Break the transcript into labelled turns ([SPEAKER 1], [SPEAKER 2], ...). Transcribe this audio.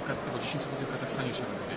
[SPEAKER 1] pracy praktyk, 10 sekund w Kazachstanie się robi,